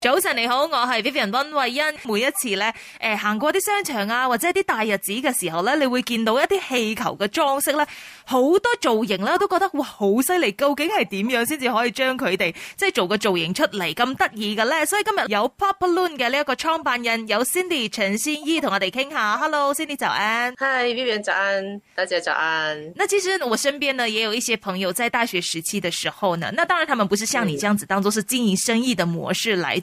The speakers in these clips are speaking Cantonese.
早晨你好，我係 Vivian 溫慧欣。每一次咧，誒、呃、行過啲商場啊，或者一啲大日子嘅時候咧，你會見到一啲氣球嘅裝飾咧，好多造型咧，都覺得哇，好犀利。究竟係點樣先至可以將佢哋即係做個造型出嚟，咁得意嘅咧？所以今日有 Pop Balloon 嘅呢一個創辦人有 Cindy 陳心怡同我哋傾下。Hello，Cindy 早安。Hi，Vivian 早安，大家早安。那其實我身邊呢也有一些朋友在大學時期嘅時候呢，那當然他們不是像你這樣子，當作是經營生意的模式來。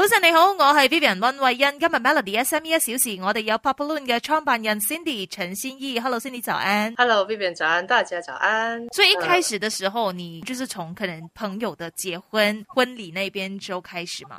早晨你好，我係 Vivian 溫慧欣，今日 Melody SME 一小時，我哋有 Pop Balloon 嘅創辦人 Cindy 陳先依，Hello Cindy 早安，Hello Vivian 早安，大家早安。所以一開始嘅時候，Hello. 你就是從可能朋友嘅結婚婚禮那邊就開始嘛。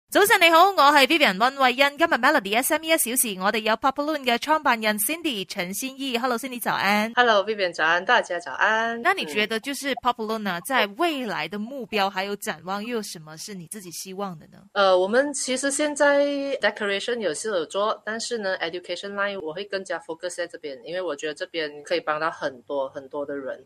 早晨你好，我是 Vivian 温慧 n 今日 Melody S M E 一小時，我哋有 Populoon 的創辦人 Cindy 陳心依，Hello Cindy 早安，Hello Vivian 早安，大家早安。那你覺得就是 Populoon、啊、在未來的目標還有展望，又有什麼是你自己希望的呢？呃，我們其實現在 decoration 有事有做，但是呢，education line 我會更加 focus 喺這邊，因為我覺得這邊可以幫到很多很多的人。